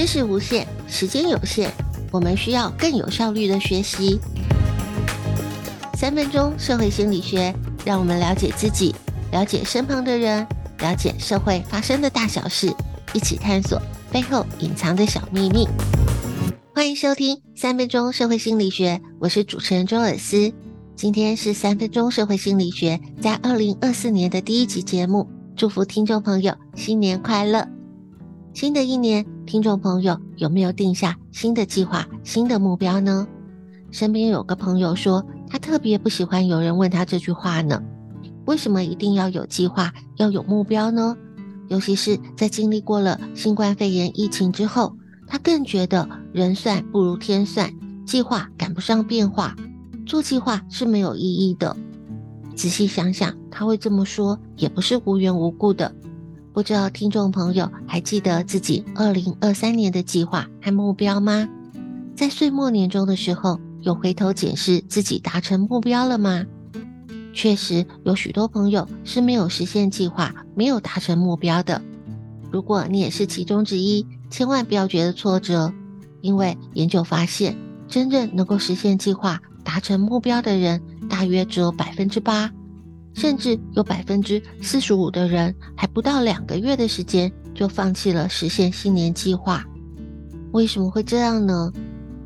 知識無限，時間有限，我們需要更有效率的學習。三分鐘社會心理學，讓我們了解自己，了解身旁的人，了解社會發生的大小事，一起探索背後隱藏的小秘密。歡迎收聽三分鐘社會心理學，我是主持人周爾思。今天是三分鐘社會心理學在二零二四年的第一集節目，祝福聽眾朋友新年快樂，新的一年。聽眾朋友有沒有定下新的計劃、新的目標呢？身邊有個朋友說，他特別不喜歡有人問他這句話呢。為什麼一定要有計劃、要有目標呢？尤其是在經歷過了新冠肺炎疫情之後，他更覺得人算不如天算，計劃趕不上變化，做計劃是沒有意義的。仔細想想，他會這麼說，也不是無緣無故的。不知道聽眾朋友還記得自己二零二三年的計劃和目標嗎？在歲末年終的時候，有回頭檢視自己達成目標了嗎？確實有許多朋友是沒有實現計劃、沒有達成目標的。如果你也是其中之一，千萬不要覺得挫折，因為研究發現，真正能夠實現計劃、達成目標的人，大約只有百分之八。甚至有百分之四十五的人，還不到兩個月的時間就放棄了實現新年計劃。為什麼會這樣呢？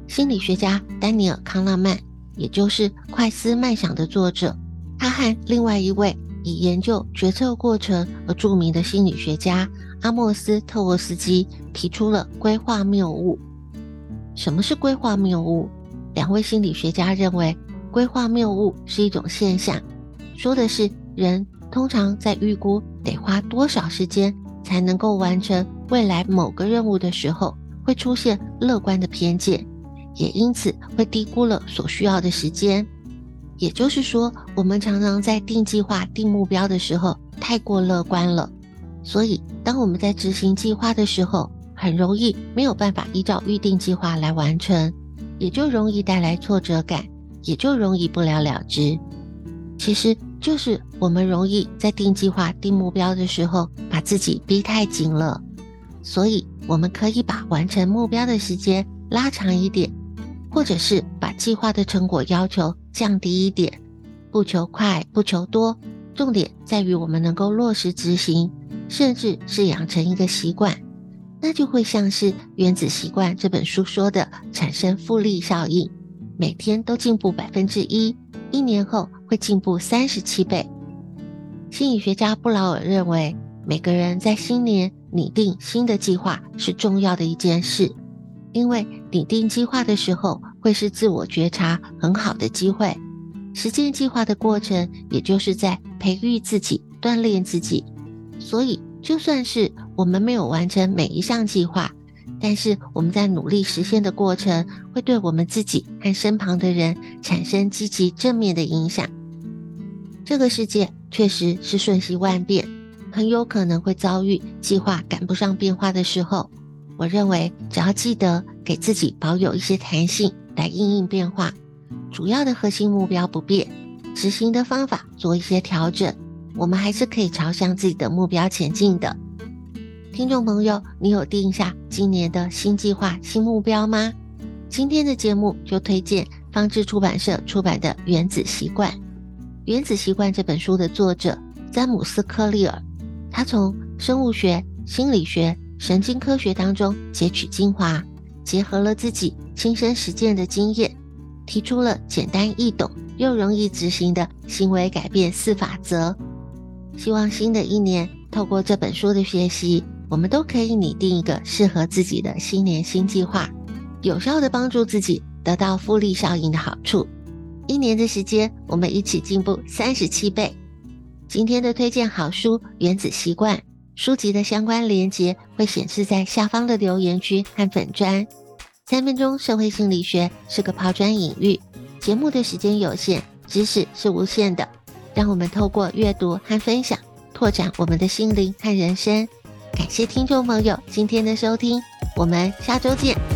心理學家丹尼爾·康納曼，也就是《快思慢想》的作者，他和另外一位以研究決策過程而著名的心理學家阿莫斯特沃斯基提出了規劃謬誤。什麼是規劃謬誤？兩位心理學家認為，規劃謬誤是一種現象。說的是人通常在預估得花多少時間才能夠完成未來某個任務的時候，會出現樂觀的偏見，也因此會低估了所需要的時間。也就是說，我們常常在定計劃、定目標的時候太過樂觀了，所以當我們在執行計劃的時候，很容易沒有辦法依照預定計劃來完成，也就容易帶來挫折感，也就容易不了了之。其實就是我們容易在定計劃、定目標的時候把自己逼太緊了，所以我們可以把完成目標的時間拉長一點，或者是把計劃的成果要求降低一點，不求快，不求多，重點在於我們能夠落實執行，甚至是養成一個習慣，那就會像是《原子習慣》這本書說的，產生複利效應，每天都進步百分之一，一年後。會進步三十七倍。心理學家布勞爾認為，每個人在新年擬定新的計劃是重要的一件事，因為擬定計劃的時候，會是自我覺察很好的機會。實踐計劃的過程，也就是在培育自己、鍛鍊自己。所以，就算是我們沒有完成每一項計劃，但是我們在努力實現的過程，會對我們自己和身旁的人產生積極正面的影響。這個世界確實是瞬息萬變，很有可能會遭遇計劃趕不上變化的時候。我認為，只要記得給自己保有一些彈性，來因應變化，主要的核心目標不變，執行的方法做一些調整，我們還是可以朝向自己的目標前進的。聽眾朋友，你有定下今年的新計劃、新目標嗎？今天的節目就推薦方智出版社出版的《原子習慣》。《原子習慣》這本書的作者詹姆斯·克利爾，他從生物學、心理學、神經科學當中截取精華，結合了自己親身實踐的經驗，提出了簡單易懂又容易執行的行為改變四法則。希望新的一年透過這本書的學習。我們都可以擬定一個適合自己的新年新計劃，有效地幫助自己得到複利效應的好處。一年的時間，我們一起進步三十七倍。今天的推薦好書《原子習慣》，書籍的相關鏈接會顯示在下方的留言區和粉專。三分鐘社會心理學是個拋磚引玉，節目的時間有限，知識是無限的。讓我們透過閱讀和分享，拓展我們的心靈和人生。感謝聽眾朋友今天的收聽，我們下周見。